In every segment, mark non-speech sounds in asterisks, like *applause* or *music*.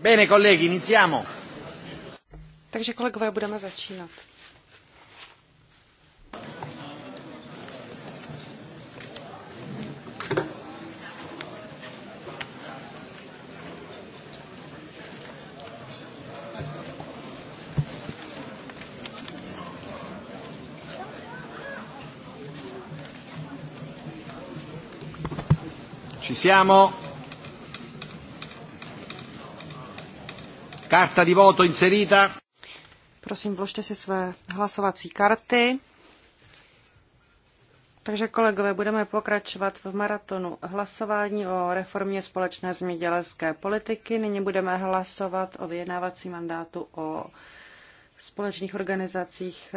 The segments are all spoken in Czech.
Bene, colleghi, iniziamo. Takže kolegové, budeme začínat. Ci siamo. Karta di voto inserita. Prosím, vložte si své hlasovací karty. Takže kolegové, budeme pokračovat v maratonu hlasování o reformě společné zemědělské politiky. Nyní budeme hlasovat o vyjednávací mandátu o společných organizacích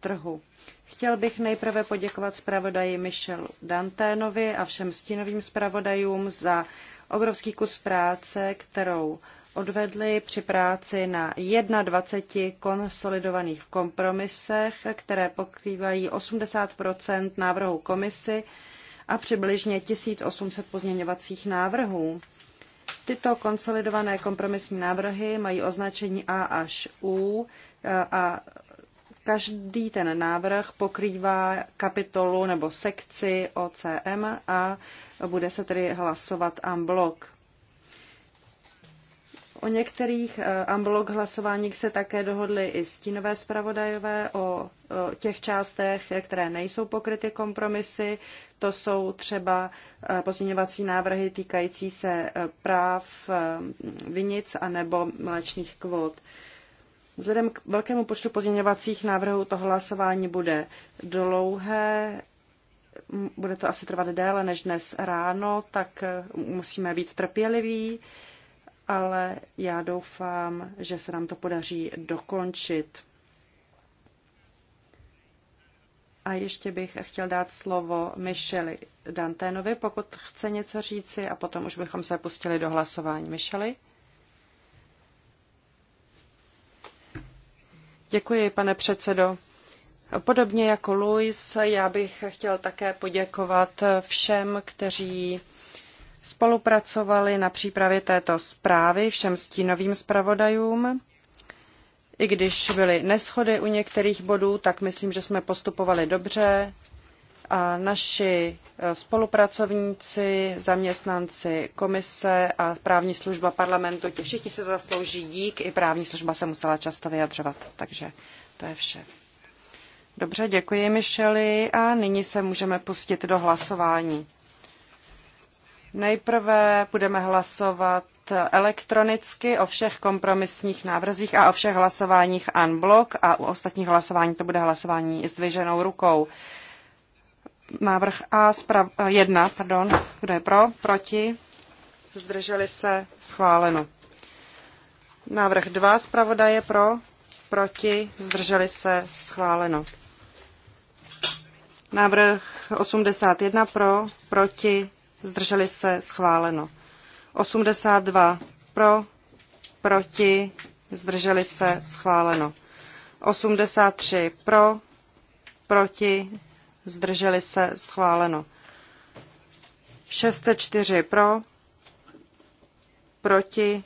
trhu. Chtěl bych nejprve poděkovat zpravodaji Michelu Danténovi a všem stínovým zpravodajům za obrovský kus práce, kterou odvedli při práci na 21 konsolidovaných kompromisech, které pokrývají 80 návrhů komisy a přibližně 1800 pozměňovacích návrhů. Tyto konsolidované kompromisní návrhy mají označení A až U a každý ten návrh pokrývá kapitolu nebo sekci OCM a bude se tedy hlasovat en bloc. O některých amblok eh, hlasováních se také dohodly i stínové zpravodajové o těch částech, které nejsou pokryty kompromisy. To jsou třeba eh, pozměňovací návrhy týkající se eh, práv vinic anebo mléčných kvót. Vzhledem k velkému počtu pozměňovacích návrhů to hlasování bude dlouhé, bude to asi trvat déle než dnes ráno, tak musíme být trpěliví ale já doufám, že se nám to podaří dokončit. A ještě bych chtěl dát slovo Micheli Danténovi, pokud chce něco říci, a potom už bychom se pustili do hlasování. Micheli? Děkuji, pane předsedo. Podobně jako Luis, já bych chtěl také poděkovat všem, kteří spolupracovali na přípravě této zprávy všem stínovým zpravodajům. I když byly neschody u některých bodů, tak myslím, že jsme postupovali dobře a naši e, spolupracovníci, zaměstnanci komise a právní služba parlamentu, ti všichni se zaslouží dík, i právní služba se musela často vyjadřovat, takže to je vše. Dobře, děkuji Michely a nyní se můžeme pustit do hlasování. Nejprve budeme hlasovat elektronicky o všech kompromisních návrzích a o všech hlasováních unblock a u ostatních hlasování to bude hlasování s dviženou rukou. Návrh A zprav, jedna, pardon, kdo je pro, proti, zdrželi se, schváleno. Návrh 2 zpravodaje pro, proti, zdrželi se, schváleno. Návrh 81 pro, proti, zdrželi se, schváleno. 82 pro, proti, zdrželi se, schváleno. 83 pro, proti, zdrželi se, schváleno. 604 pro, proti,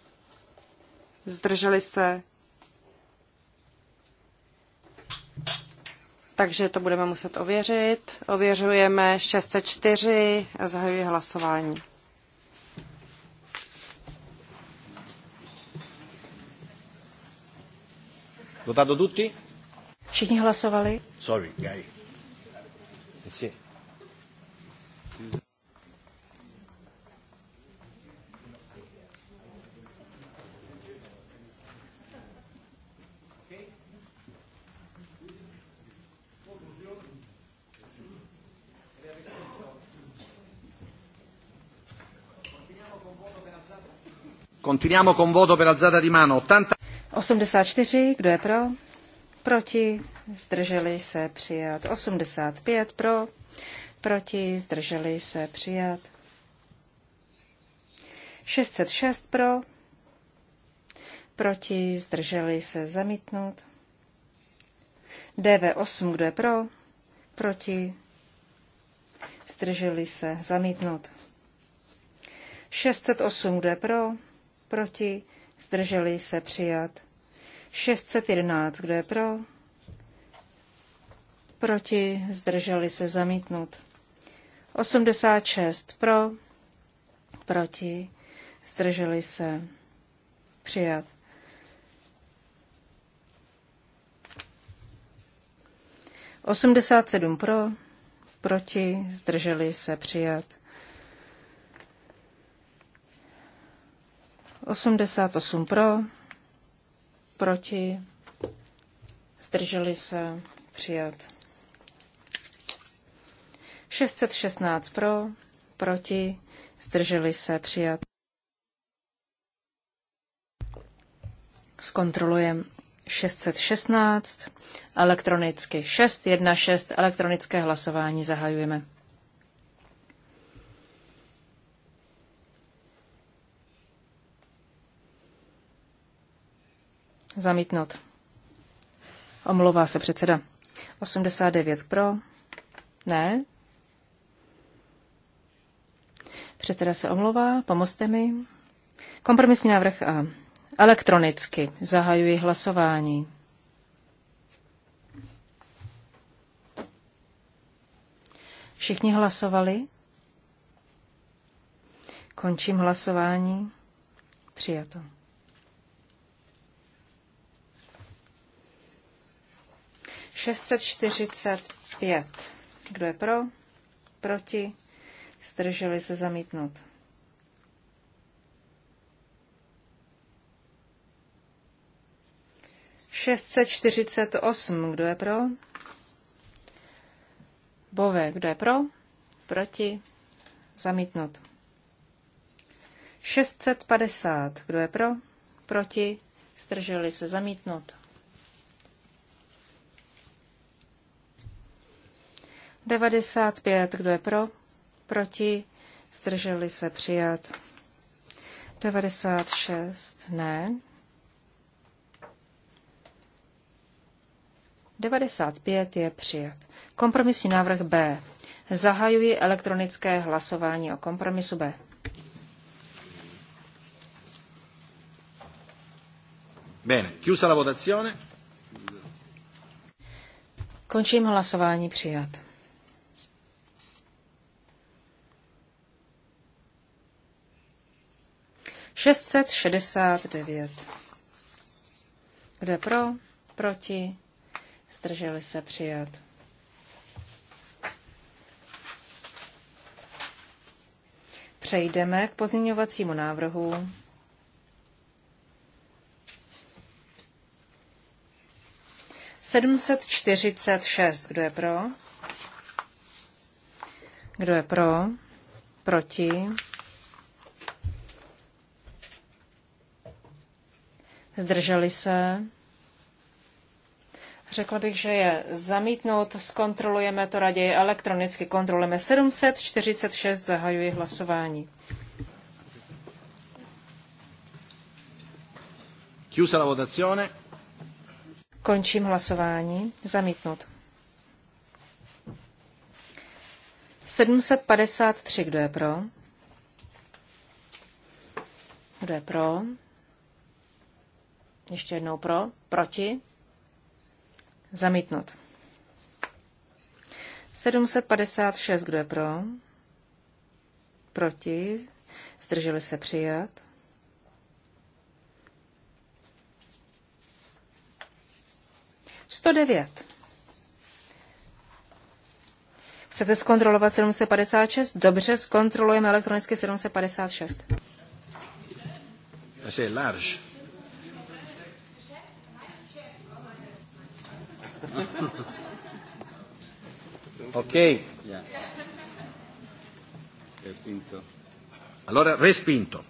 zdrželi se, takže to budeme muset ověřit. Ověřujeme 604 a zahajuji hlasování. Votato tutti? Všichni hlasovali. Sorry, guy. Sì. Continuiamo con voto per alzata di mano. 80... 84, kdo je pro? Proti, zdrželi se přijat. 85 pro, proti, zdrželi se přijat. 606 pro, proti, zdrželi se zamítnout. DV8, kdo je pro, proti, zdrželi se zamítnout. 608, kdo je pro, proti, zdrželi se přijat. 611, kdo je pro, proti, zdrželi se zamítnut. 86 pro, proti, zdrželi se přijat. Osmdesát sedm pro, proti, zdrželi se přijat. 88 pro, proti, zdrželi se, přijat. 616 pro, proti, zdrželi se, přijat. Zkontrolujeme 616, elektronicky 616, elektronické hlasování zahajujeme. Zamítnout. Omlouvá se předseda. 89 pro. Ne. Předseda se omlouvá, pomozte mi. Kompromisní návrh A. Elektronicky zahajuji hlasování. Všichni hlasovali? Končím hlasování. Přijato. 645. Kdo je pro? Proti? Zdrželi se zamítnout. Šestset čtyřicet osm. Kdo je pro? Bové. Kdo je pro? Proti? Zamítnut. 650. Kdo je pro? Proti? Zdrželi se zamítnout. 95, kdo je pro? Proti? Zdrželi se přijat. 96, ne. 95 je přijat. Kompromisní návrh B. Zahajuji elektronické hlasování o kompromisu B. Bene, chiusa la votazione. Končím hlasování přijat. 669. Kde pro? Proti? Zdrželi se přijat. Přejdeme k pozměňovacímu návrhu. Sedmset čtyřicet šest. Kdo je pro? Kdo je pro? Proti? zdrželi se. Řekla bych, že je zamítnout, zkontrolujeme to raději elektronicky, kontrolujeme 746, zahajuji hlasování. Chiusa la votazione. Končím hlasování. Zamítnout. 753, kdo je pro? Kdo je pro? Ještě jednou pro, proti, zamítnut. 756, kdo je pro, proti, zdrželi se přijat. devět. Chcete zkontrolovat 756? Dobře, zkontrolujeme elektronicky 756. *laughs* ok. Allora, respinto.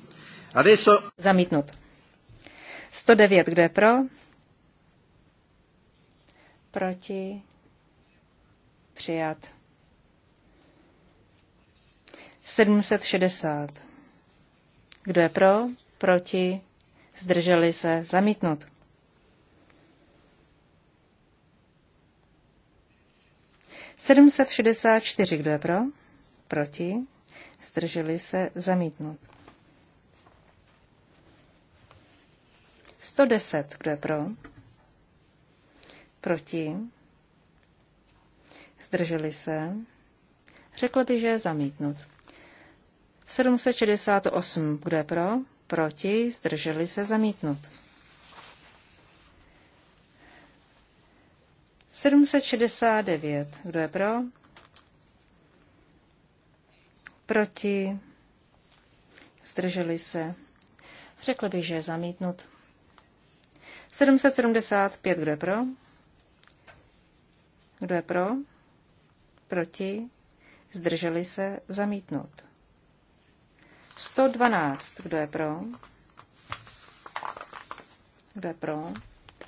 Adesso... Zamítnut. 109, kdo je pro? Proti? Přijat. 760. Kdo je pro? Proti? Zdrželi se? Zamítnut. 764, kdo je pro? Proti? Zdrželi se zamítnout. 110, kdo je pro? Proti? Zdrželi se? Řekl by, že je zamítnut. 768, kdo je pro? Proti? Zdrželi se zamítnout. 769. Kdo je pro? Proti? Zdrželi se? Řekl bych, že je zamítnut. 775. Kdo je pro? Kdo je pro? Proti? Zdrželi se? Zamítnut. 112. Kdo je pro? Kdo je pro?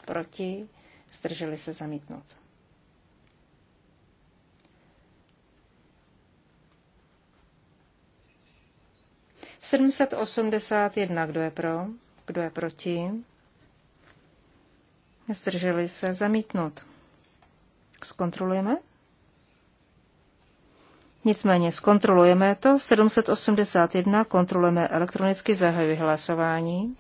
Proti? zdrželi se zamítnout. Sedmset osmdesát jedna, kdo je pro, kdo je proti, zdrželi se zamítnout. Zkontrolujeme? Nicméně zkontrolujeme to. 781 kontrolujeme elektronicky, zahajuji hlasování.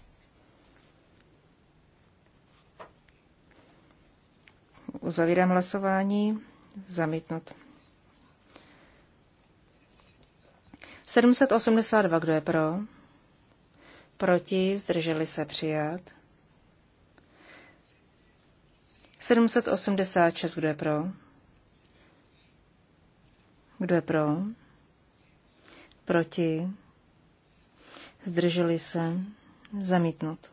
Uzavírám hlasování. Zamítnut. 782, kdo je pro? Proti, zdrželi se přijat. 786, kdo je pro? Kdo je pro? Proti? Zdrželi se? Zamítnut.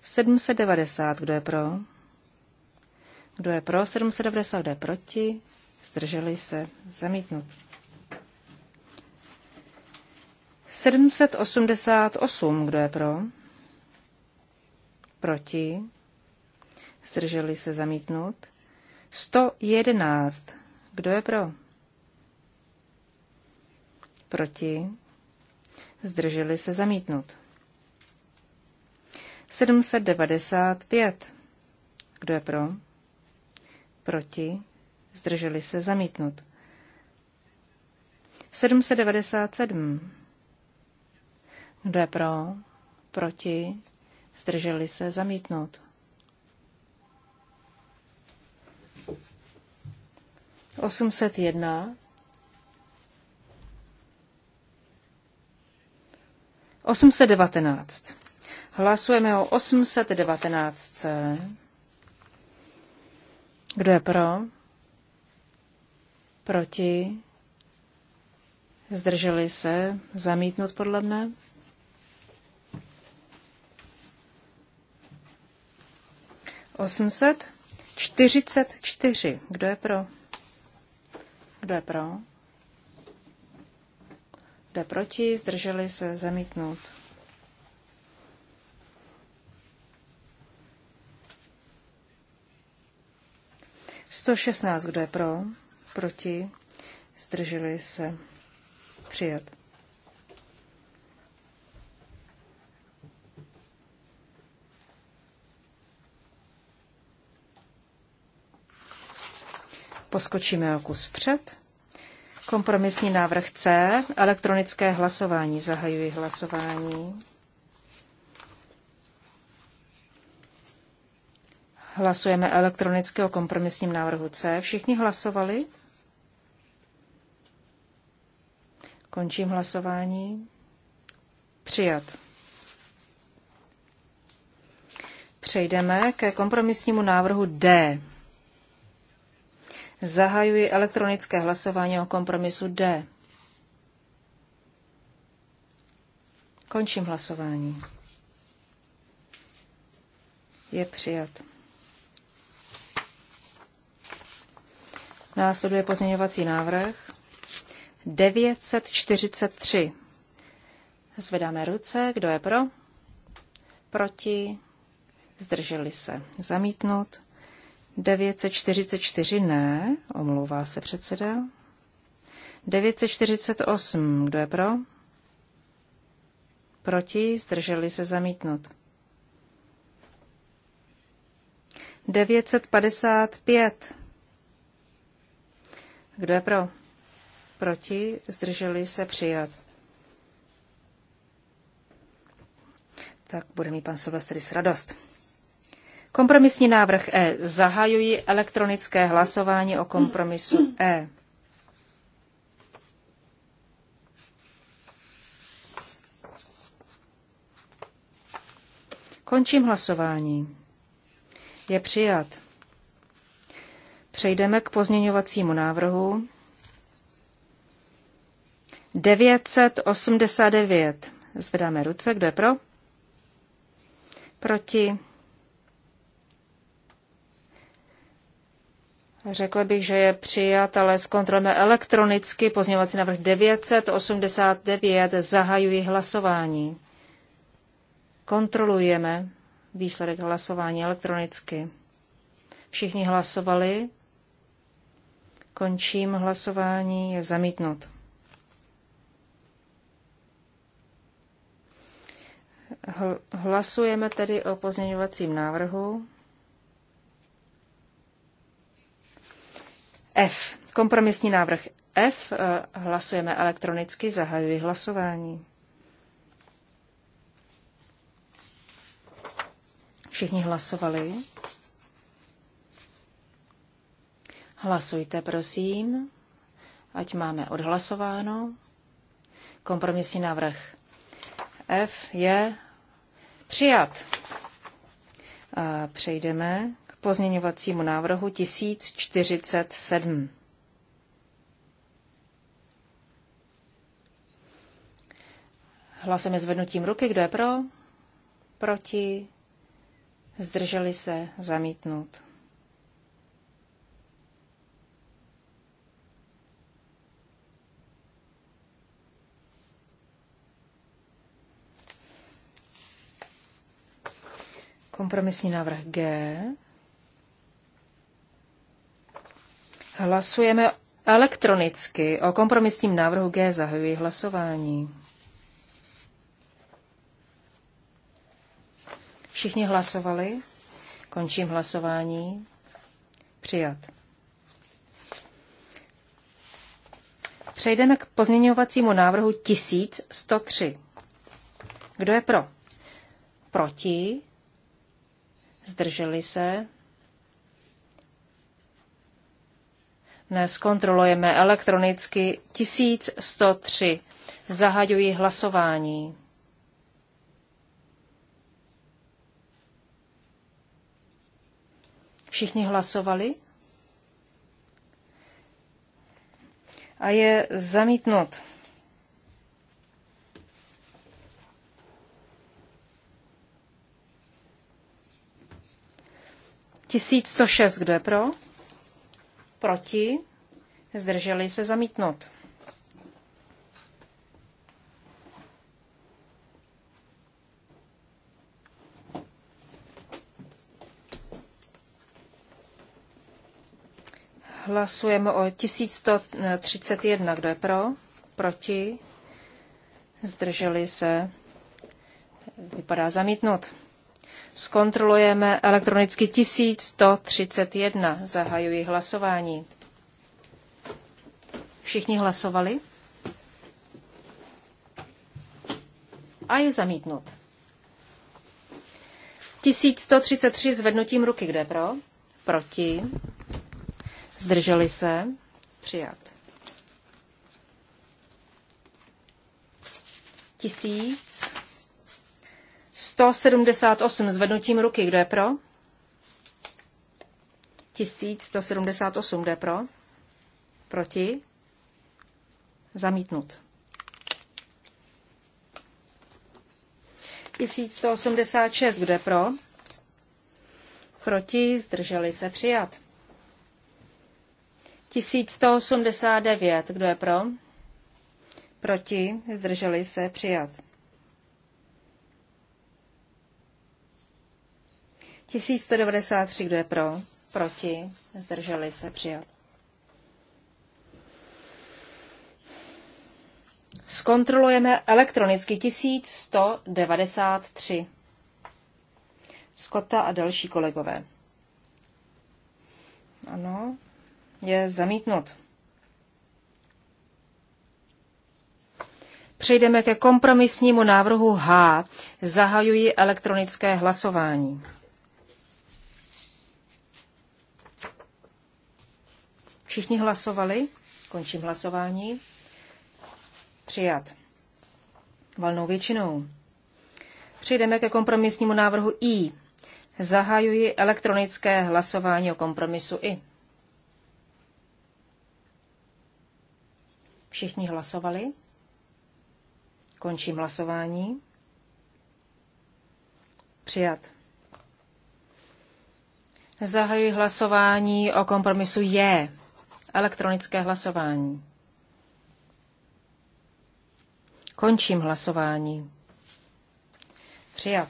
790, kdo je pro? Kdo je pro? 790, kdo je proti? Zdrželi se zamítnut. 788, kdo je pro? Proti? Zdrželi se zamítnout. 111, kdo je pro? Proti? Zdrželi se zamítnout. 795, kdo je pro? proti, zdrželi se zamítnut. 797. Kdo je pro, proti, zdrželi se zamítnout. 801. 819. Osmset devatenáct. Hlasujeme o 819. Kdo je pro? Proti? Zdrželi se? Zamítnout podle mne? Osmset čtyřicet čtyři. Kdo je pro? Kdo je pro? Kdo je proti? Zdrželi se? Zamítnout. 116, kdo je pro, proti, zdrželi se, přijat. Poskočíme o kus vpřed. Kompromisní návrh C. Elektronické hlasování. Zahajuji hlasování. Hlasujeme elektronicky o kompromisním návrhu C. Všichni hlasovali? Končím hlasování. Přijat. Přejdeme ke kompromisnímu návrhu D. Zahajuji elektronické hlasování o kompromisu D. Končím hlasování. Je přijat. Následuje pozměňovací návrh 943. Zvedáme ruce. Kdo je pro? Proti? Zdrželi se. Zamítnout. 944 ne, omlouvá se předseda. 948, kdo je pro? Proti, zdrželi se zamítnout. 955, kdo je pro? Proti? Zdrželi se přijat. Tak bude mít pan s radost. Kompromisní návrh E. Zahajuji elektronické hlasování o kompromisu E. Končím hlasování. Je přijat. Přejdeme k pozměňovacímu návrhu. 989. Zvedáme ruce. Kdo je pro? Proti? Řekl bych, že je přijat, ale zkontrolujeme elektronicky pozměňovací návrh 989. Zahajuji hlasování. Kontrolujeme výsledek hlasování elektronicky. Všichni hlasovali. Končím hlasování, je zamítnut. Hlasujeme tedy o pozměňovacím návrhu. F. Kompromisní návrh F. Eh, hlasujeme elektronicky, zahajuji hlasování. Všichni hlasovali. Hlasujte, prosím, ať máme odhlasováno. Kompromisní návrh F je přijat. A přejdeme k pozměňovacímu návrhu 1047. Hlasujeme zvednutím ruky. Kdo je pro? Proti? Zdrželi se? Zamítnout. Kompromisní návrh G. Hlasujeme elektronicky o kompromisním návrhu G. Zahajuji hlasování. Všichni hlasovali? Končím hlasování. Přijat. Přejdeme k pozměňovacímu návrhu 1103. Kdo je pro? Proti? zdrželi se. Dnes kontrolujeme elektronicky 1103. Zahajuji hlasování. Všichni hlasovali? A je zamítnut. 1106, kdo je pro? Proti? Zdrželi se zamítnout. Hlasujeme o 1131. Kdo je pro? Proti? Zdrželi se? Vypadá zamítnout. Zkontrolujeme elektronicky 1131. Zahajuji hlasování. Všichni hlasovali? A je zamítnut. 1133 zvednutím ruky. Kde pro? Proti. Zdrželi se. Přijat. 1000. 178 zvednutím ruky, kdo je pro? 1178, kdo je pro? Proti? Zamítnut. 1186, kdo je pro? Proti? Zdrželi se přijat. 1189, kdo je pro? Proti? Zdrželi se přijat. 1193, kdo je pro? Proti? Zdrželi se přijat. Zkontrolujeme elektronicky 1193. Skota a další kolegové. Ano, je zamítnut. Přejdeme ke kompromisnímu návrhu H. Zahajuji elektronické hlasování. Všichni hlasovali. Končím hlasování. Přijat. Valnou většinou. Přejdeme ke kompromisnímu návrhu I. Zahajuji elektronické hlasování o kompromisu I. Všichni hlasovali. Končím hlasování. Přijat. Zahajuji hlasování o kompromisu J. Elektronické hlasování. Končím hlasování. Přijat.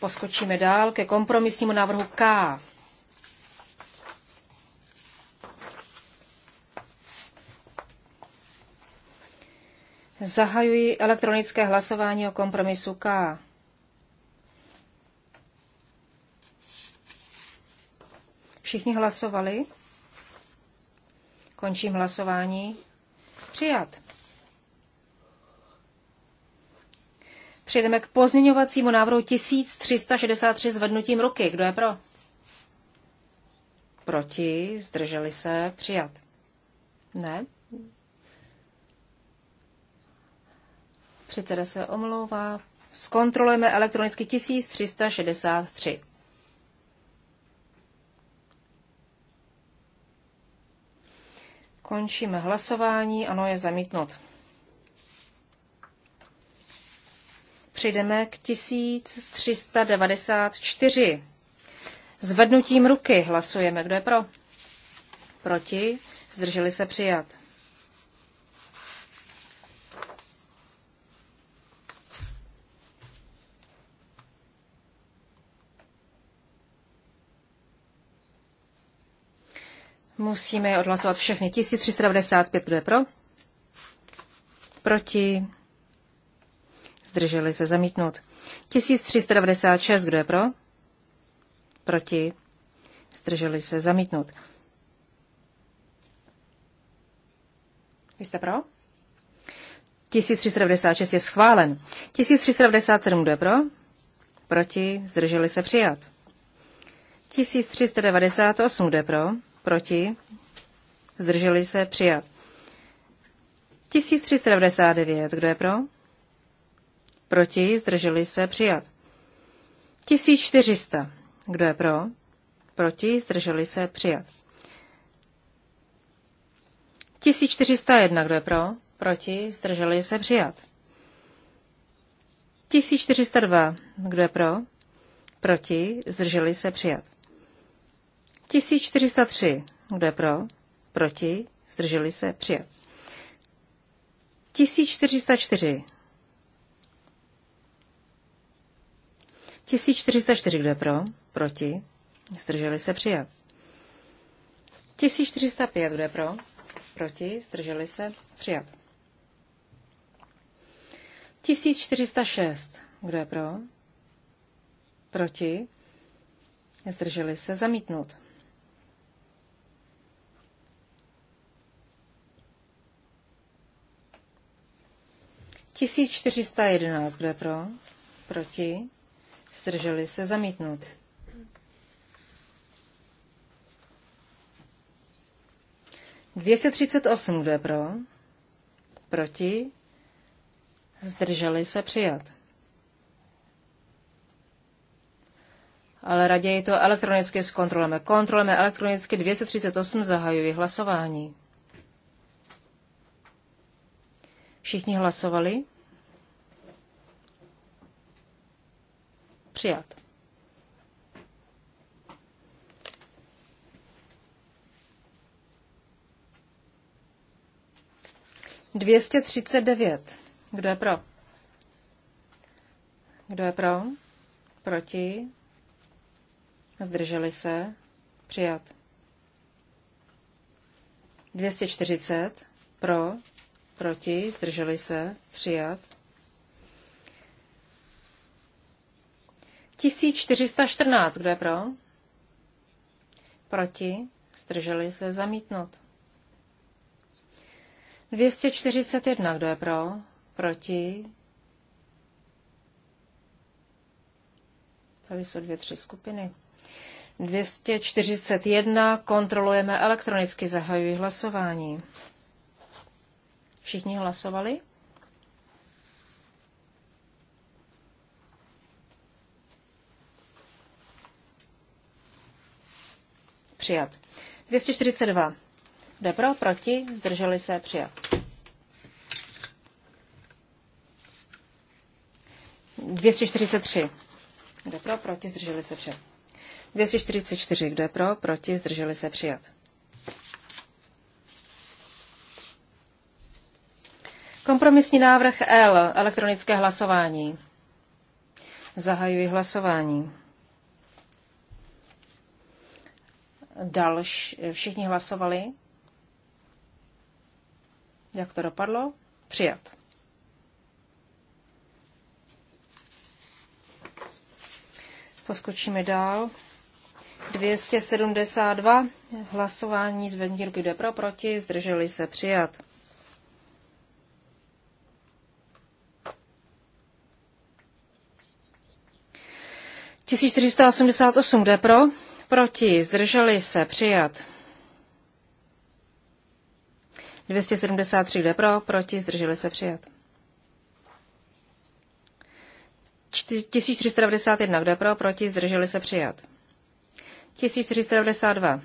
Poskočíme dál ke kompromisnímu návrhu K. Zahajuji elektronické hlasování o kompromisu K. Všichni hlasovali? Končím hlasování. Přijat. Přejdeme k pozměňovacímu návrhu 1363 vednutím ruky. Kdo je pro? Proti, zdrželi se, přijat. Ne? Předseda se omlouvá. Zkontrolujeme elektronicky 1363. Končíme hlasování. Ano, je zamítnut. Přijdeme k 1394. Zvednutím ruky hlasujeme. Kdo je pro? Proti? Zdrželi se přijat. Musíme odhlasovat všechny. 1395, kdo je pro? Proti? Zdrželi se zamítnout. 1396, kdo je pro? Proti? Zdrželi se zamítnout. Vy jste pro? 1396 je schválen. 1397, kdo je pro? Proti? Zdrželi se přijat. 1398, kdo je pro? proti, zdrželi se, přijat. 1399, kdo je pro? Proti, zdrželi se, přijat. 1400, kdo je pro? Proti, zdrželi se, přijat. 1401, kdo je pro? Proti, zdrželi se, přijat. 1402, kdo je pro? Proti, zdrželi se, přijat. 1403. Kdo je pro? Proti? Zdrželi se? Přijat. 1404. 1404. Kdo je pro? Proti? Zdrželi se? Přijat. 1405. Kdo je pro? Proti? Zdrželi se? Přijat. 1406. Kdo je pro? Proti? Zdrželi se? Zamítnout. 1411, kdo je pro? Proti? Zdrželi se zamítnout. Dvěstě třicet osm, kdo je pro? Proti? Zdrželi se přijat. Ale raději to elektronicky zkontrolujeme. Kontrolujeme elektronicky 238, zahajuji hlasování. Všichni hlasovali? Přijat. Dvěstě třicet devět. Kdo je pro? Kdo je pro? Proti? Zdrželi se? Přijat. 240 pro, proti, zdrželi se, přijat. 1414, kdo je pro? Proti, zdrželi se, zamítnout. 241, kdo je pro? Proti. Tady jsou dvě, tři skupiny. 241, kontrolujeme elektronicky, zahajuji hlasování. Všichni hlasovali? Přijat. 242. Jde pro, proti, zdrželi se, přijat. 243. Kdo pro, proti, zdrželi se přijat. 244. Kdo je pro, proti, zdrželi se přijat. Kompromisní návrh L, elektronické hlasování. Zahajuji hlasování. Dalš, všichni hlasovali. Jak to dopadlo? Přijat. Poskočíme dál. 272 hlasování z ruky jde pro, proti, zdrželi se přijat. 1488 jde pro, proti, zdrželi se, přijat. 273 jde pro, proti, zdrželi se, přijat. 1491 kde pro, proti, zdrželi se, přijat. 1492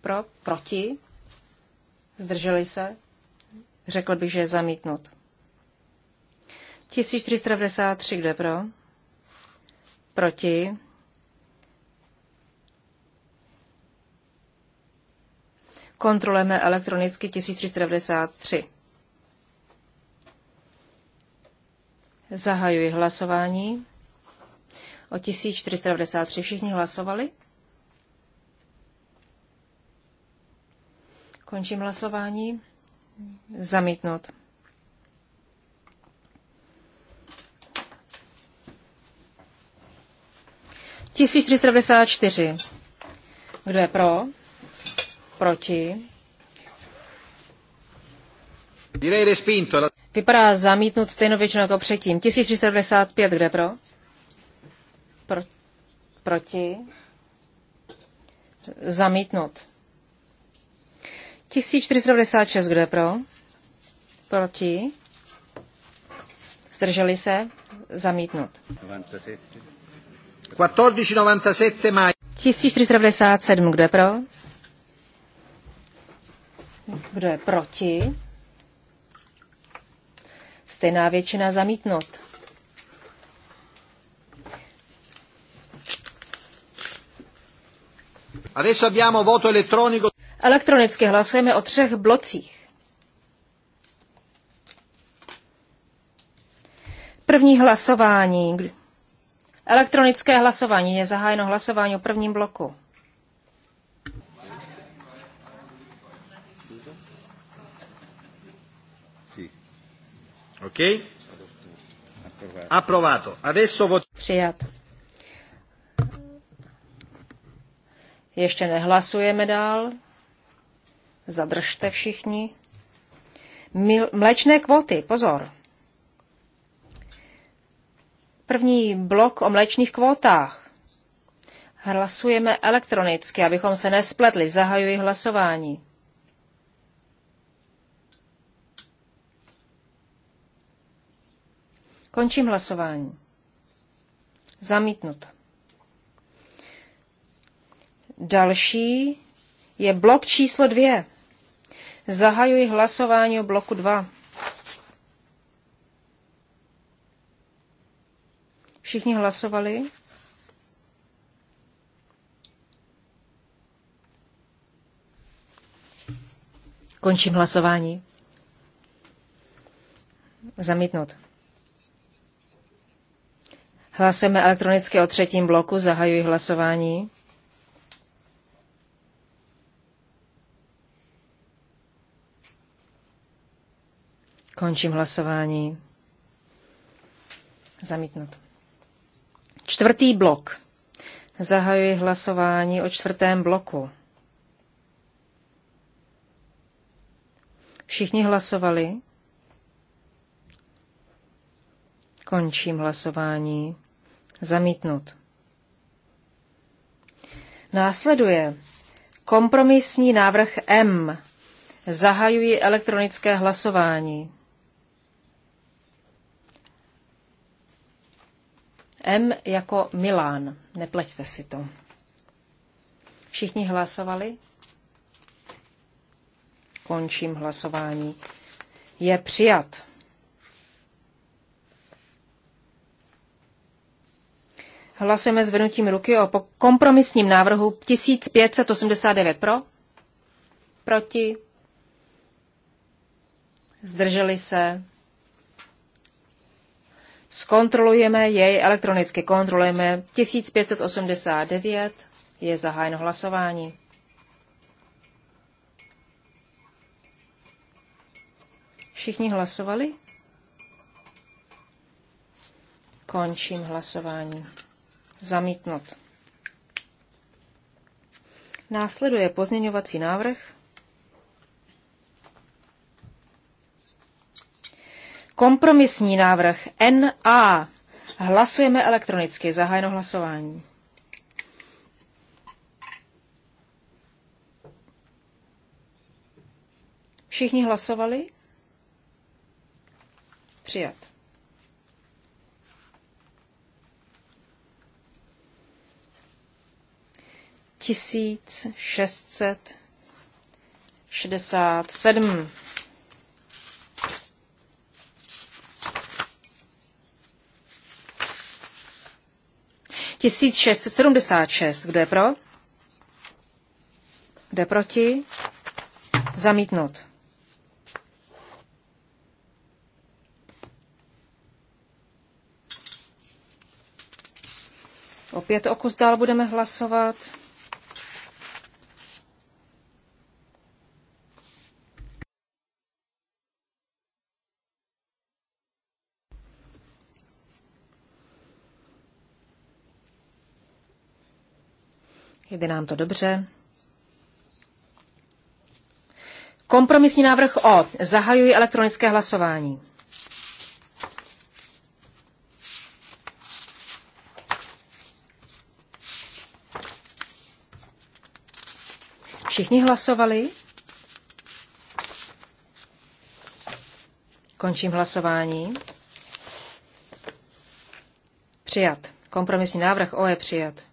pro, proti, zdrželi se, řekl bych, že je zamítnut. 1493, kdo je pro? Proti? Kontrolujeme elektronicky 1393. Zahajuji hlasování. O 1493 všichni hlasovali? Končím hlasování. Zamítnout. 1494. Kdo je pro? Proti? Vypadá zamítnut stejnou většinou jako předtím. 1395, kde pro? pro? Proti? Zamítnut. 1496, kde pro? Proti? Zdrželi se? Zamítnut. 97. 1497 má. 1497, kdo je pro? Kdo je proti? Stejná většina zamítnout. Adesso abbiamo voto elettronico. Elektronicky hlasujeme o třech blocích. První hlasování. Elektronické hlasování. Je zahájeno hlasování o prvním bloku. OK? Aprovato. Adesso vot... Přijat. Ještě nehlasujeme dál. Zadržte všichni. Mléčné kvóty, pozor. První blok o mléčných kvótách. Hlasujeme elektronicky, abychom se nespletli. Zahajuji hlasování. Končím hlasování. Zamítnut. Další je blok číslo dvě. Zahajuji hlasování o bloku dva. Všichni hlasovali. Končím hlasování. Zamítnout. Hlasujeme elektronicky o třetím bloku. Zahajuji hlasování. Končím hlasování. Zamítnout. Čtvrtý blok. Zahajuji hlasování o čtvrtém bloku. Všichni hlasovali? Končím hlasování. Zamítnut. Následuje kompromisní návrh M. Zahajuji elektronické hlasování. M jako Milán. Nepleťte si to. Všichni hlasovali? Končím hlasování. Je přijat. Hlasujeme zvednutím ruky o kompromisním návrhu 1589 pro, proti, zdrželi se, Zkontrolujeme jej elektronicky, kontrolujeme 1589, je zahájeno hlasování. Všichni hlasovali? Končím hlasování. Zamítnut. Následuje pozměňovací návrh Kompromisní návrh NA. Hlasujeme elektronicky. Zahájeno hlasování. Všichni hlasovali? Přijat. Tisíc šestset šedesát sedm. 1676. Kdo je pro? Kdo je proti? Zamítnut. Opět o kus dál budeme hlasovat. jde nám to dobře. Kompromisní návrh O. Zahajuji elektronické hlasování. Všichni hlasovali? Končím hlasování. Přijat. Kompromisní návrh O je přijat.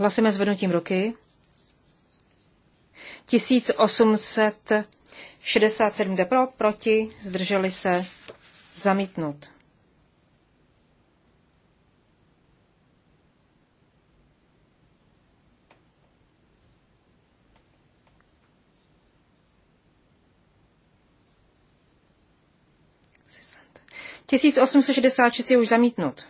Hlasujeme zvednutím ruky. 1867 jde pro, proti, zdrželi se, zamítnut. Tisíc osm set šedesát šest je už zamítnut.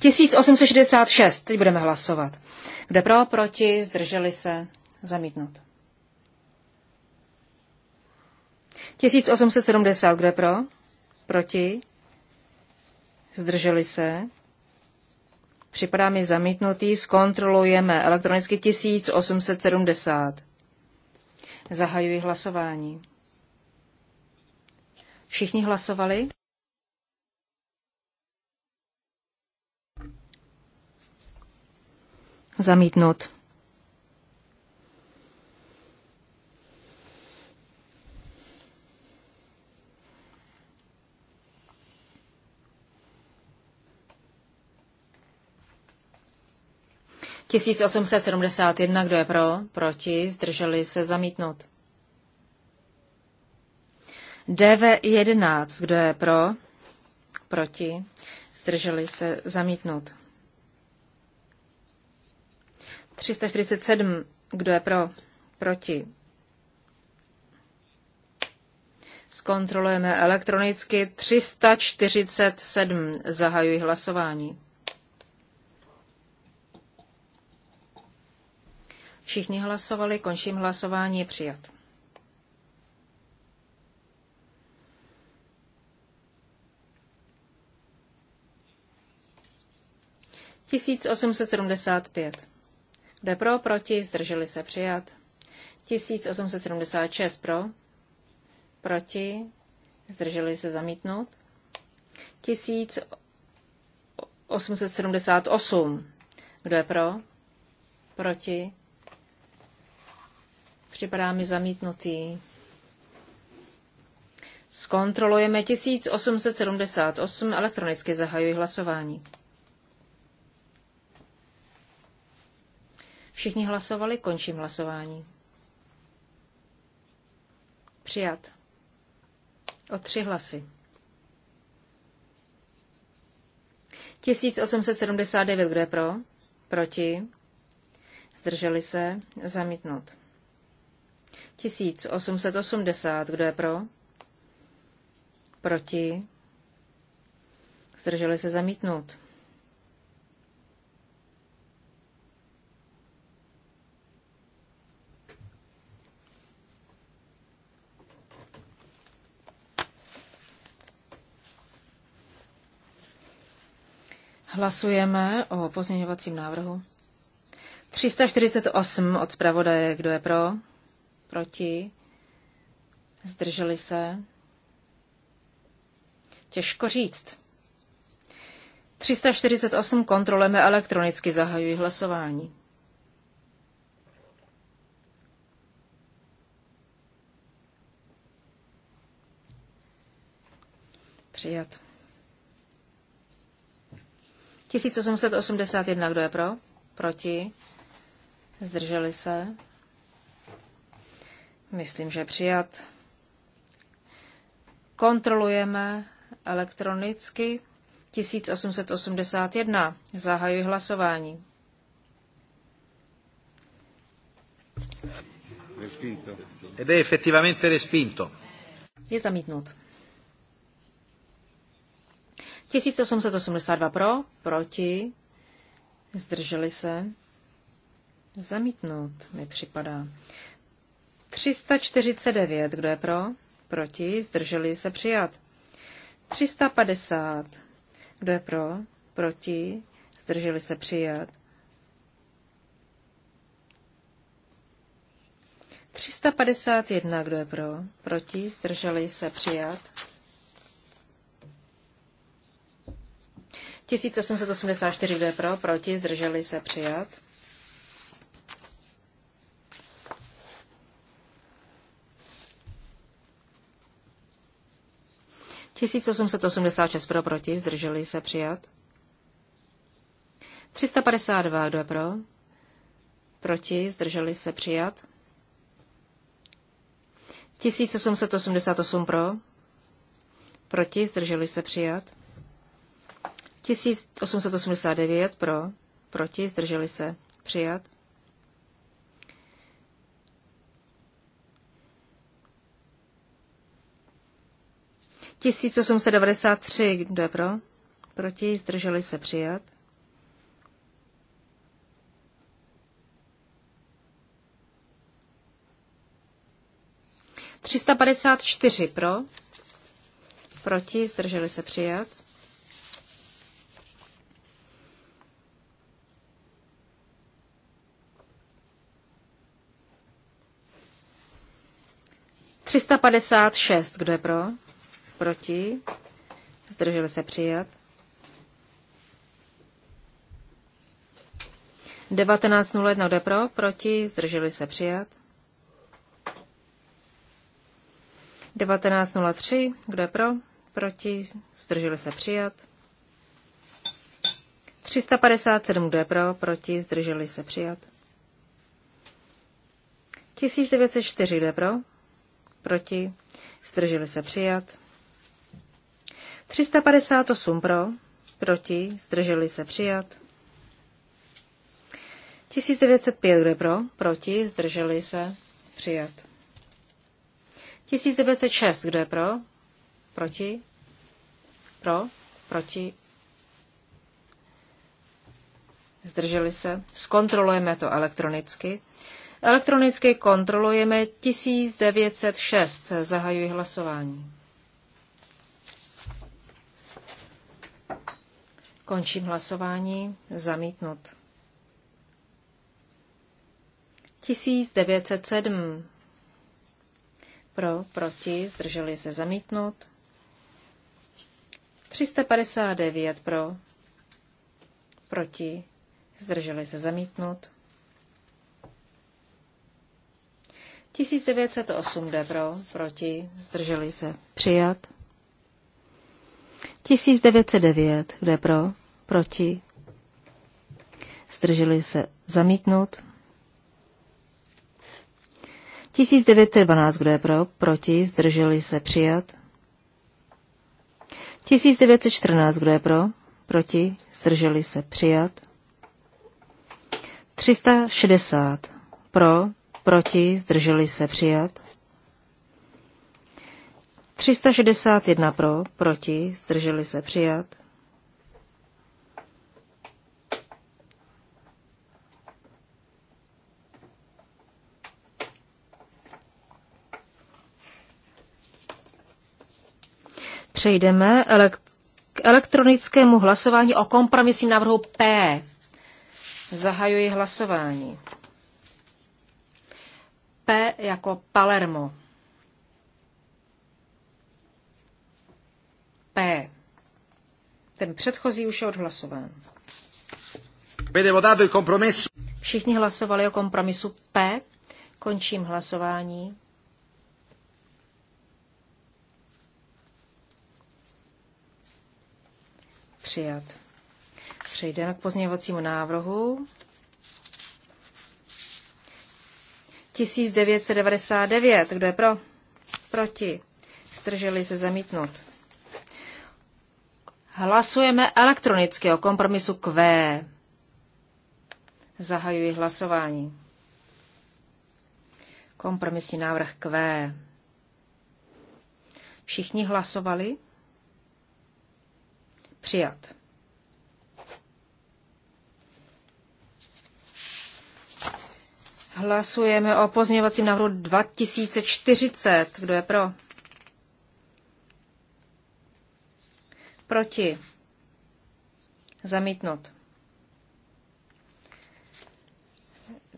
1866, teď budeme hlasovat. Kde pro, proti, zdrželi se, zamítnut. 1870, kde pro, proti, zdrželi se, připadá mi zamítnutý, zkontrolujeme elektronicky 1870. Zahajuji hlasování. Všichni hlasovali? Zamítnut. Tisíc osmset sedmdesát jedna, kdo je pro, proti, zdrželi se zamítnout. dv jedenáct, kdo je pro, proti, zdrželi se zamítnout. 347. Kdo je pro? Proti? Zkontrolujeme elektronicky. 347. Zahajuji hlasování. Všichni hlasovali, končím hlasování, je přijat. Tisíc osmset sedmdesát pět. Kde pro, proti, zdrželi se přijat. 1876 pro, proti, zdrželi se zamítnout. 1878. Kdo je pro? Proti? Připadá mi zamítnutý. Zkontrolujeme 1878, elektronicky zahajuji hlasování. Všichni hlasovali, končím hlasování. Přijat. O tři hlasy. 1879, kdo je pro? Proti? Zdrželi se? Zamítnout. 1880, kdo je pro? Proti? Zdrželi se zamítnout. Hlasujeme o pozměňovacím návrhu. 348 od zpravodaje. Kdo je pro? Proti? Zdrželi se? Těžko říct. 348 kontrolujeme elektronicky, zahajuji hlasování. Přijat. 1881, kdo je pro? Proti? Zdrželi se? Myslím, že přijat. Kontrolujeme elektronicky 1881. Zahajuji hlasování. Respinto. Ed è effettivamente respinto. Je zamítnut. 1882 pro, proti, zdrželi se, zamítnout mi připadá. 349, kdo je pro, proti, zdrželi se, přijat. 350, kdo je pro, proti, zdrželi se, přijat. 351, kdo je pro, proti, zdrželi se, přijat. 1884, kdo je pro, proti, zdrželi se přijat. Tisíc osmset osmdesát šest pro proti, zdrželi se přijat. 352, kdo je pro? Proti, zdrželi se přijat. 1888 pro. Proti, zdrželi se přijat. 1889 pro, proti, zdrželi se, přijat. Tisíc kdo je pro? Proti, zdrželi se přijat. 354 pro, proti, zdrželi se přijat. 356. Kdo je pro? Proti? Zdržel se přijat. 19.01. Kdo je pro? Proti? Zdrželi se přijat. 19.03. Kdo je pro? Proti? Zdrželi se přijat. 357. Kdo je pro? Proti? Zdrželi se přijat. 1904. Kdo je pro? proti, zdrželi se přijat. 358 pro, proti, zdrželi se přijat. 1905 kdo pro, proti, zdrželi se přijat. 1906 kdo pro, proti, pro, proti, zdrželi se. Zkontrolujeme to elektronicky. Elektronicky kontrolujeme 1906. Zahajuji hlasování. Končím hlasování. Zamítnut. 1907. Pro, proti, zdrželi se zamítnout. 359 pro, proti, zdrželi se zamítnout. 1908 Debro proti, zdrželi se, přijat. 1909 Debro proti, zdrželi se, zamítnout. 1912 Debro proti, zdrželi se, přijat. 1914 kdo je pro, proti, zdrželi se, přijat. 360 pro, proti, zdrželi se přijat. 361 pro, proti, zdrželi se přijat. přejdeme k elektronickému hlasování o kompromisním návrhu P. Zahajuji hlasování. P jako Palermo. P. Ten předchozí už je odhlasován. Všichni hlasovali o kompromisu P. Končím hlasování. Přijat. Přejdeme k pozměňovacímu návrhu 1999. Kdo je pro? Proti. Zdrželi se zamítnout. Hlasujeme elektronicky o kompromisu Q. Zahajuji hlasování. Kompromisní návrh Q. Všichni hlasovali? Přijat. Hlasujeme o pozměňovacím návrhu 2040. Kdo je pro? Proti. Zamítnout.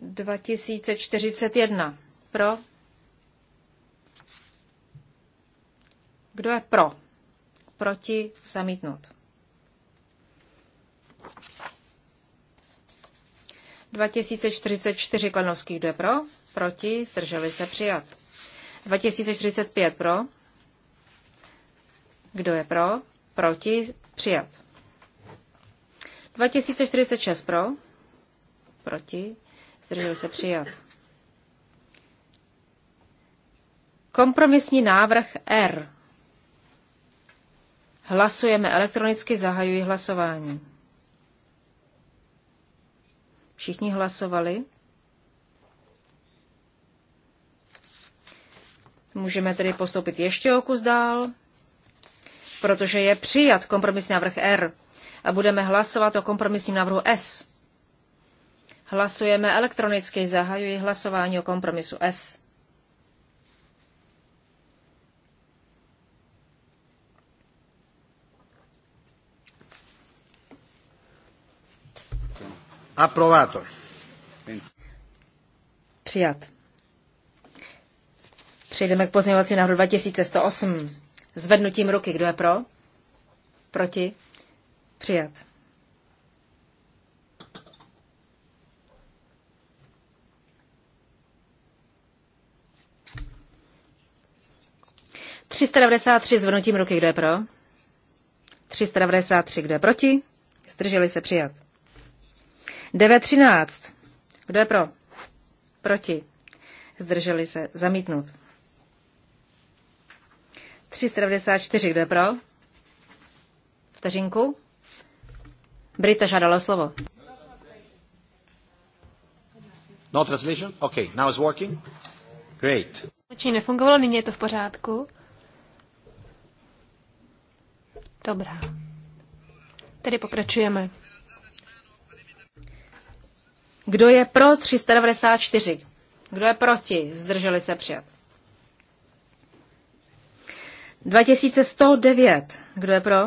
2041. Pro? Kdo je pro? Proti? Zamítnout. 2044 Klanovský, jde pro? Proti, zdrželi se přijat. 2045 pro? Kdo je pro? Proti, přijat. 2046 pro? Proti, zdrželi se přijat. Kompromisní návrh R. Hlasujeme elektronicky, zahajuji hlasování. Všichni hlasovali. Můžeme tedy postoupit ještě o kus dál, protože je přijat kompromisní návrh R a budeme hlasovat o kompromisním návrhu S. Hlasujeme elektronicky, zahajuji hlasování o kompromisu S. Approvato. Přijat. Přejdeme k pozměňovací návrhu 2108. Zvednutím ruky. Kdo je pro? Proti? Přijat. Třista devadesát tři zvednutím ruky. Kdo je pro? 393, kdo je proti? Zdrželi se přijat. 9.13. Kdo je pro? Proti. Zdrželi se. Zamítnut. 394. Kdo je pro? Vteřinku. Brita žádala slovo. No translation? Okay, now it's working. Great. Oči nefungovalo, nyní je to v pořádku. Dobrá. Tedy pokračujeme. Kdo je pro 394? Kdo je proti? Zdrželi se přijat. 2109. Kdo je pro?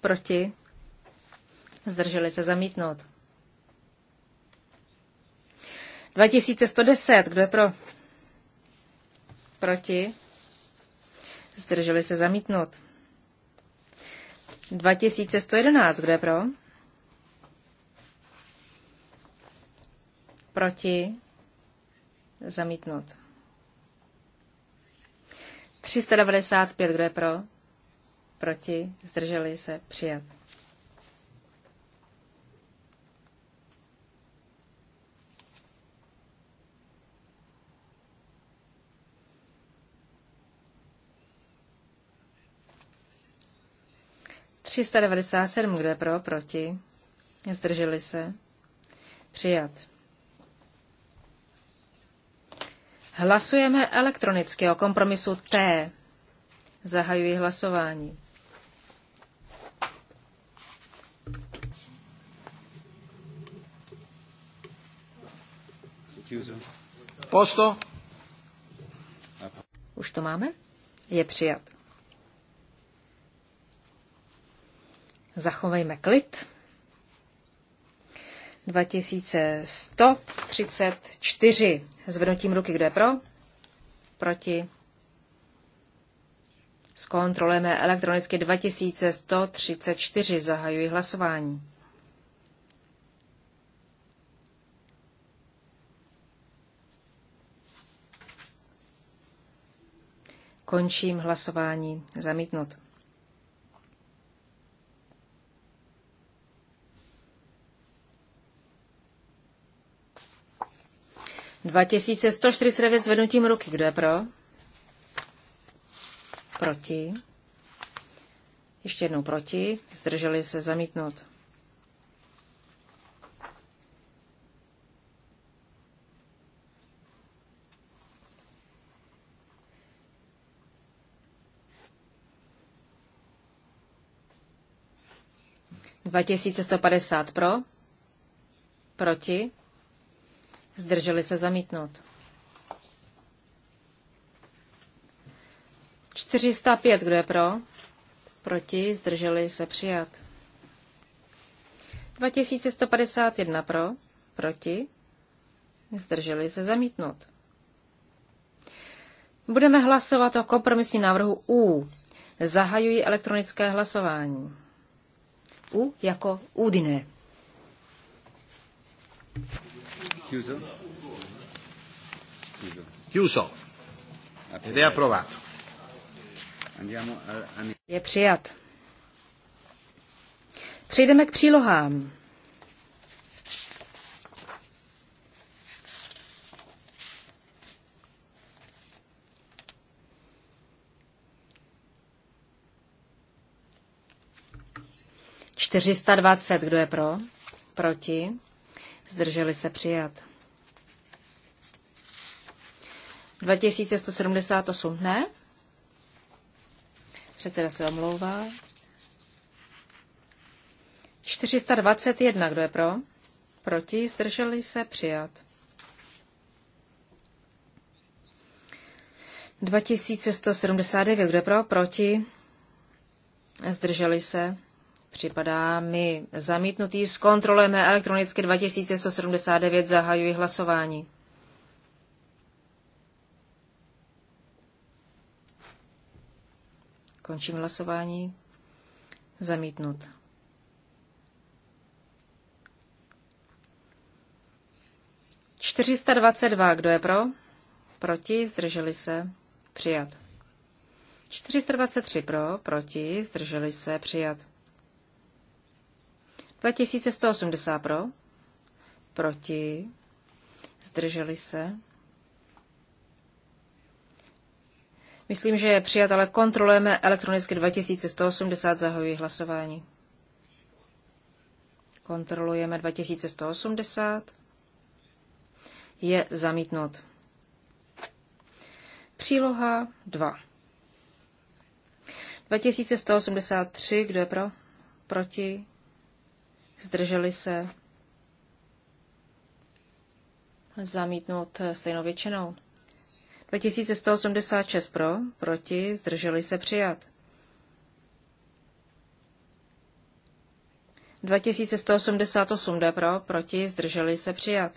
Proti? Zdrželi se zamítnout. 2110. Kdo je pro? Proti? Zdrželi se zamítnout. 2111. Kdo je pro? proti, zamítnout. 395, kdo je pro, proti, zdrželi se, přijat. Tři sta devadesát sedm, kdo je pro, proti, zdrželi se, přijat. Hlasujeme elektronicky o kompromisu T. Zahajuji hlasování. Posto. Už to máme? Je přijat. Zachovejme klid. 2134 zvednutím ruky, kde pro, proti. Zkontrolujeme elektronicky 2134. Zahajuji hlasování. Končím hlasování. Zamítnut. 2149 zvednutím ruky. Kdo je pro? Proti. Ještě jednou proti. Zdrželi se zamítnout. Dva tisíce sto padesát pro, proti zdrželi se zamítnout. 405, kdo je pro? Proti, zdrželi se přijat. 2151 pro, proti, zdrželi se zamítnout. Budeme hlasovat o kompromisní návrhu U. Zahajuji elektronické hlasování. U jako údiné. Chiuso? Chiuso. Chiuso. Ed è approvato. Andiamo a, andiamo. Je přijat. Přejdeme k přílohám. Čtyřista dvacet, kdo je pro? Proti? zdrželi se přijat. 2178 ne. Předseda se omlouvá. 421, kdo je pro? Proti, zdrželi se přijat. 2179, kdo je pro? Proti, zdrželi se Připadá mi zamítnutý. kontrolem elektronicky 2179. Zahajuji hlasování. Končím hlasování. Zamítnut. Čtyřista dvacet dva. Kdo je pro? Proti. Zdrželi se. Přijat. tři pro, proti, zdrželi se, přijat. 2180 pro, proti, zdrželi se. Myslím, že je přijat, ale kontrolujeme elektronicky 2180, zahojí hlasování. Kontrolujeme 2180. Je zamítnut. Příloha 2. 2183, kdo je pro? Proti? zdrželi se zamítnout stejnou většinou. 2186 pro, proti, zdrželi se přijat. 2188 jde pro, proti, zdrželi se přijat.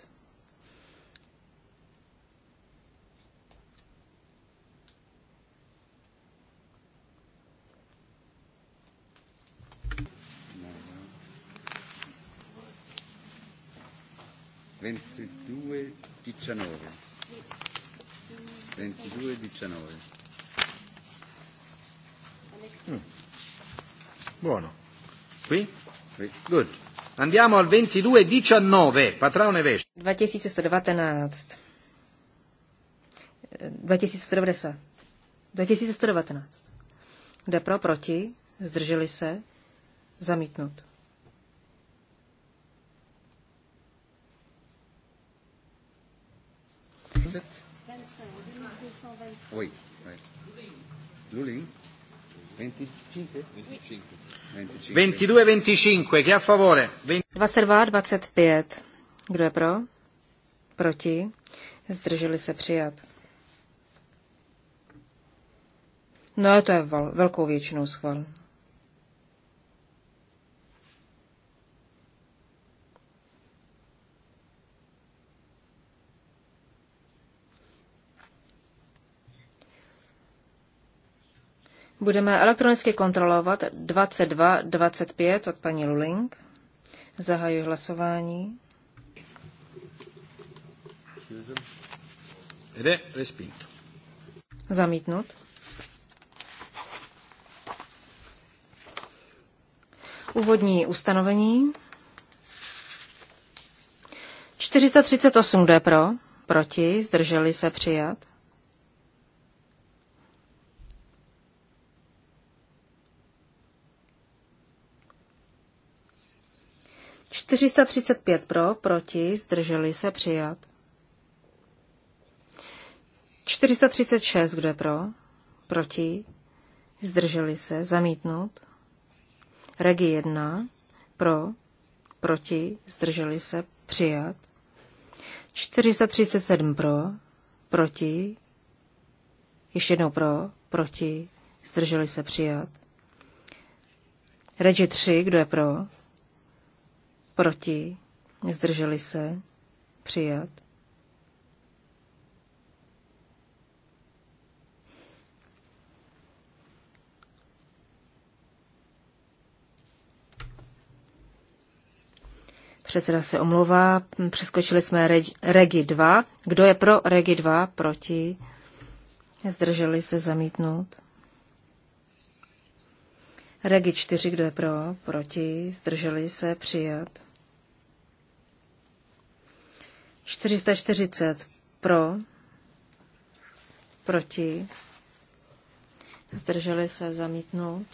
19. 22 19. Mm. Buono. Qui? Qui. Good. Andiamo al 22 19, Patrone Vesce. 2119. 2190. 2119. Kde pro, proti, zdrželi se, zamítnut. 27 Oui, oui. Luling 25? 22-25, chi a favore? 22-25. Kdo je pro? Proti? Zdrželi se přijat. No to je velkou většinou schválen. Budeme elektronicky kontrolovat 2225 od paní Luling. Zahajuji hlasování. Zamítnut. Úvodní ustanovení. 438 jde pro, proti, zdrželi se přijat. 435 pro, proti, zdrželi se přijat. 436, kdo je pro, proti, zdrželi se, zamítnout. Regi 1, pro, proti, zdrželi se, přijat. 437 pro, proti, ještě jednou pro, proti, zdrželi se, přijat. Regi 3, kdo je pro, Proti? Zdrželi se? Přijat. Předseda se omlouvá, přeskočili jsme Regi 2. Kdo je pro Regi 2? Proti? Zdrželi se zamítnout. Regi 4, kdo je pro? Proti? Zdrželi se přijat. 440 pro, proti, zdrželi se zamítnout.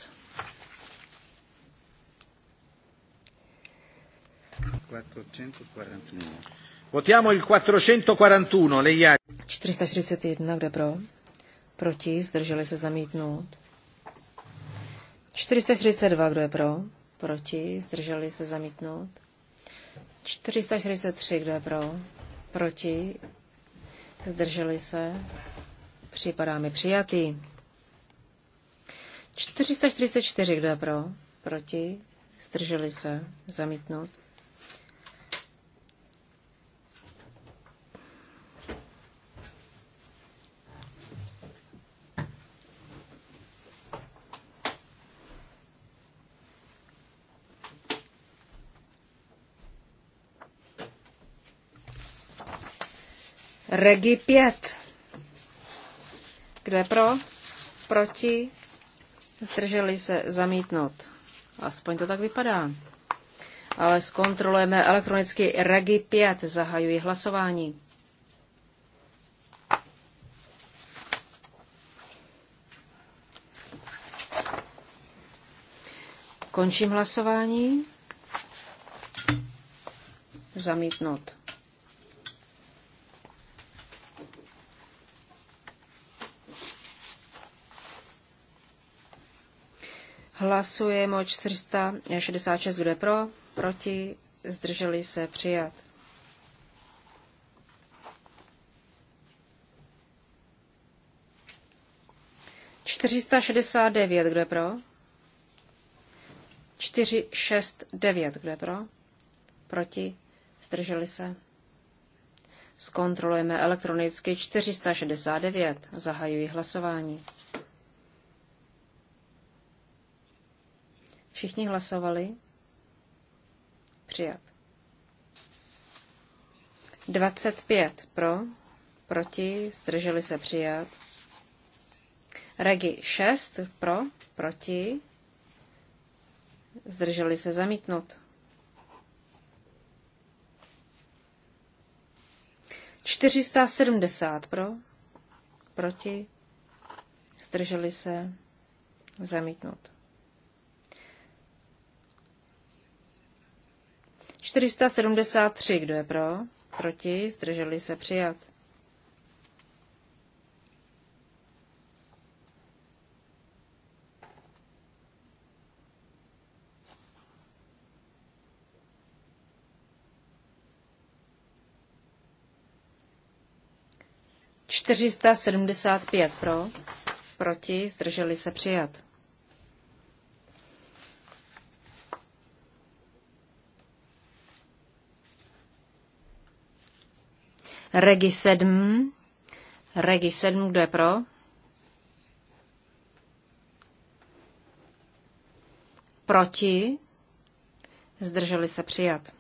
Votiamo il 441, lei ha... 441, kde pro? Proti, zdrželi se zamítnout. 442, kdo je pro? Proti, zdrželi se zamítnout. 443, kdo je pro? Proti? Zdrželi se? Připadá mi přijatý. 444, kdo je pro? Proti? Zdrželi se? Zamítnout. Regi 5. Kdo je pro? Proti? Zdrželi se zamítnout. Aspoň to tak vypadá. Ale zkontrolujeme elektronicky Regi 5. Zahajuji hlasování. Končím hlasování. Zamítnout. Hlasujeme o 466, kdo je pro, proti, zdrželi se přijat. Čtyřista šedesát devět, kdo je pro? Čtyři, šest, devět, kdo je pro? Proti, zdrželi se. Zkontrolujeme elektronicky 469. Zahajuji hlasování. Všichni hlasovali. Přijat. 25 pro, proti, zdrželi se přijat. Regi 6 pro, proti, zdrželi se zamítnout. 470 pro, proti, zdrželi se zamítnout. 473, kdo je pro? Proti? Zdrželi se přijat. Čtyřista sedmdesát pět pro, proti, zdrželi se přijat. Regi 7. Regi 7, kdo je pro? Proti? Zdrželi se přijat.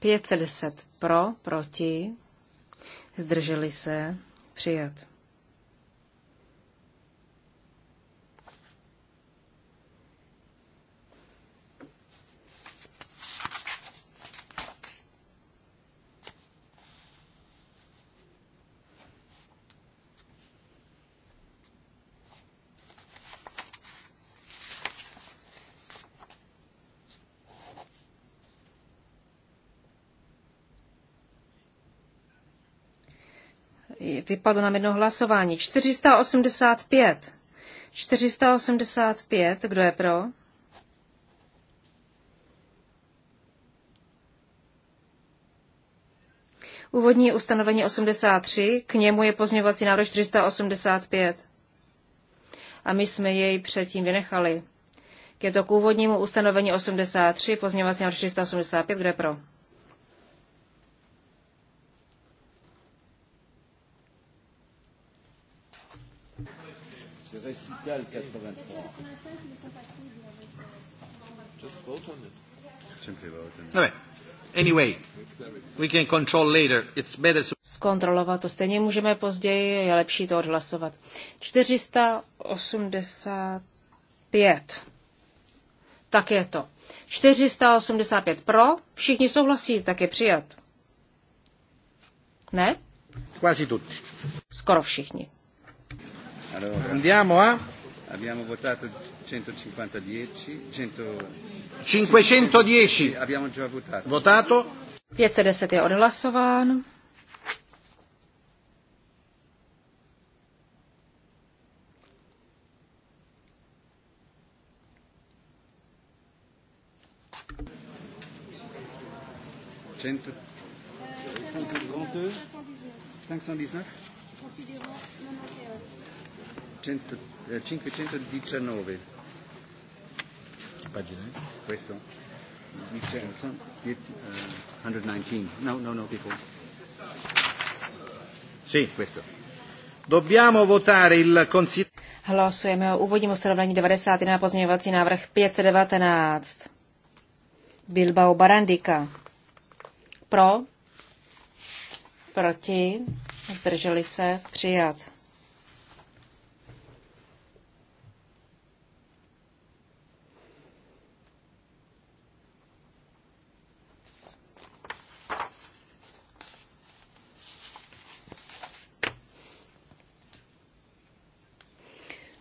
510 pro, proti, zdrželi se, přijat. vypadlo nám jedno hlasování. 485. 485, kdo je pro? Úvodní ustanovení 83, k němu je pozměňovací návrh 485. A my jsme jej předtím vynechali. Je to k úvodnímu ustanovení 83, pozměňovací návrh 485, kdo je pro? Dell 83. Anyway, we can control later. It's better. Zkontrolovat to stejně můžeme později, je lepší to odhlasovat. 485. Tak je to. 485 pro, všichni souhlasí, tak je přijat. Ne? Quasi tutti. Skoro všichni. Andiamo a eh? Abbiamo votato 150 100... 510. Abbiamo già votato. Votato. 510 je odhlasován. Cento... 519. Pagina, eh? questo. 119. Eh, no, no, no, before. Sì, questo. Dobbiamo votare il consiglio. Hlasujeme o úvodním ustanovení 91 pozměňovací návrh 519. Bilbao Barandika. Pro. Proti. Zdrželi se. Přijat.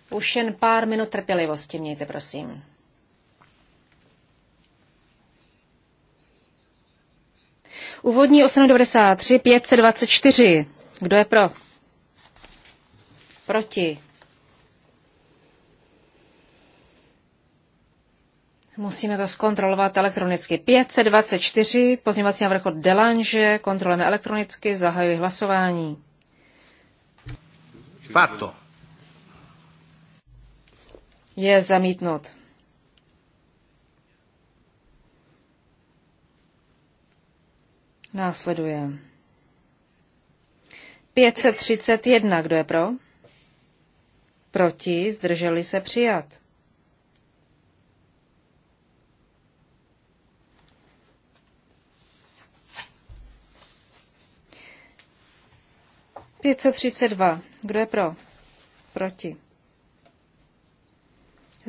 Už jen pár minut trpělivosti mějte, prosím. Úvodní 893, 524. Kdo je pro? Proti. Musíme to zkontrolovat elektronicky. 524, pozměňovací návrh od Delange, kontrolujeme elektronicky, zahajuji hlasování. Fatto je zamítnut. Následuje. 531. Kdo je pro? Proti, zdrželi se přijat. Pětset třicet dva. Kdo je pro? Proti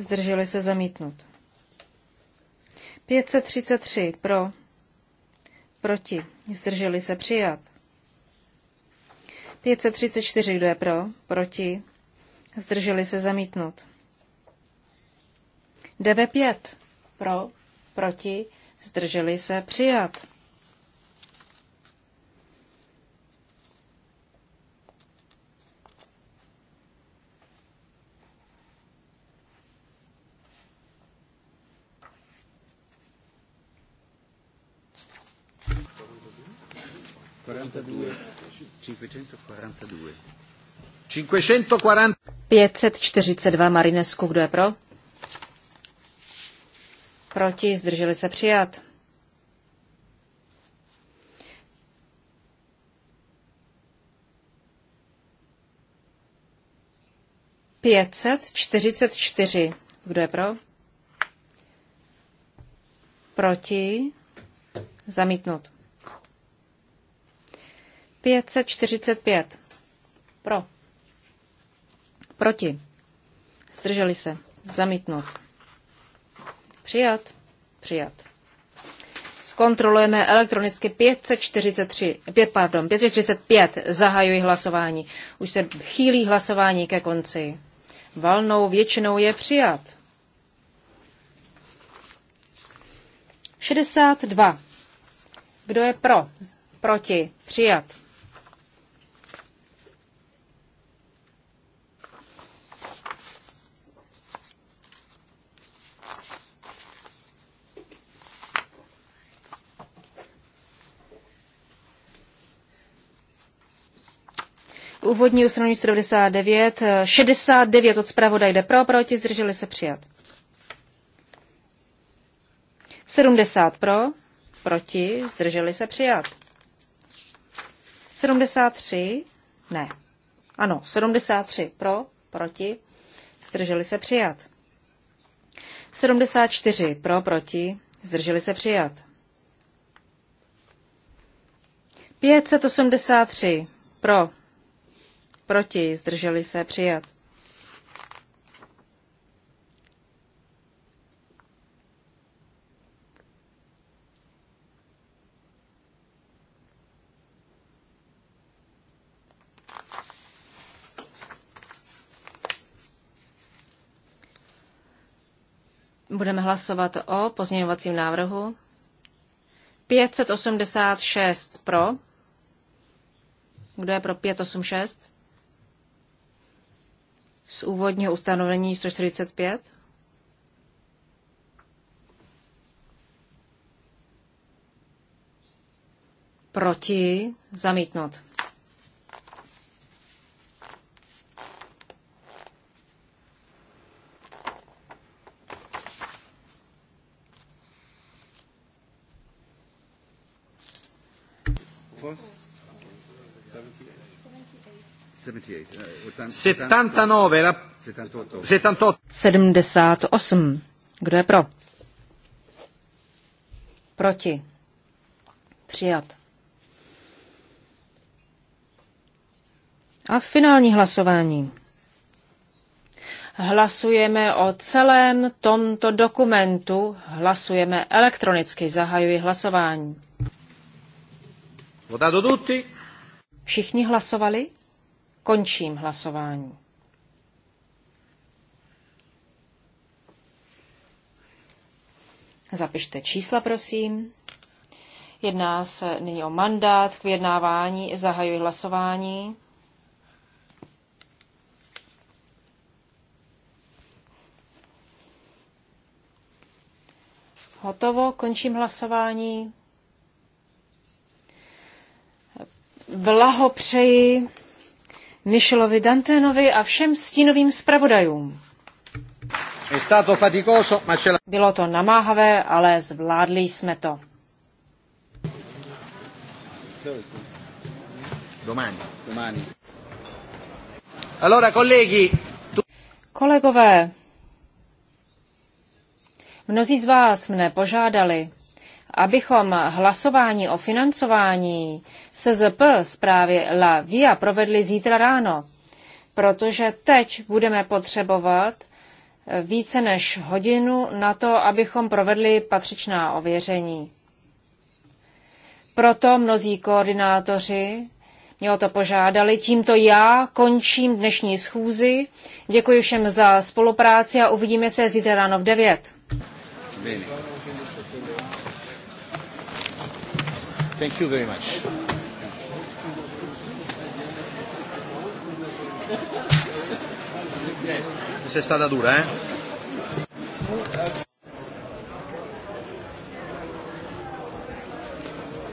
zdrželi se zamítnut. 533 pro, proti, zdrželi se přijat. 534, kdo je pro, proti, zdrželi se zamítnut. 95 pro, proti, zdrželi se přijat. 542. 542. 540... 542 Marinesku, kdo je pro? Proti, zdrželi se přijat. Pětset čtyřicet čtyři. Kdo je pro? Proti. Zamítnut. 545. Pro. Proti. Zdrželi se. Zamítnout. Přijat. Přijat. Zkontrolujeme elektronicky 543, 5, pardon, 545. Zahajuji hlasování. Už se chýlí hlasování ke konci. Valnou většinou je přijat. 62. Kdo je pro? Proti. Přijat. úvodní ustanovení 79, 69 eh, od zpravodaj jde pro, proti, zdrželi se přijat. 70 pro, proti, zdrželi se přijat. 73, ne. Ano, 73 pro, proti, zdrželi se přijat. 74 pro, proti, zdrželi se přijat. 583 pro, proti, zdrželi se přijat. Budeme hlasovat o pozměňovacím návrhu. 586 pro. Kdo je pro 586? z úvodního ustanovení 145? Proti zamítnout. Post. 79. 78. Kdo je pro? Proti. Přijat. A finální hlasování. Hlasujeme o celém tomto dokumentu. Hlasujeme elektronicky. Zahajuji hlasování. Všichni hlasovali? Končím hlasování. Zapište čísla, prosím. Jedná se nyní o mandát k vyjednávání. Zahajuji hlasování. Hotovo, končím hlasování. Blahopřeji Michelovi Danténovi a všem stínovým zpravodajům. Bylo to namáhavé, ale zvládli jsme to. Kolegové, mnozí z vás mne požádali, abychom hlasování o financování SZP zprávy La Via provedli zítra ráno, protože teď budeme potřebovat eh, více než hodinu na to, abychom provedli patřičná ověření. Proto mnozí koordinátoři mě o to požádali. Tímto já končím dnešní schůzi. Děkuji všem za spolupráci a uvidíme se zítra ráno v 9. Bene. Thank you very much. Yes. Se è stata dura, eh?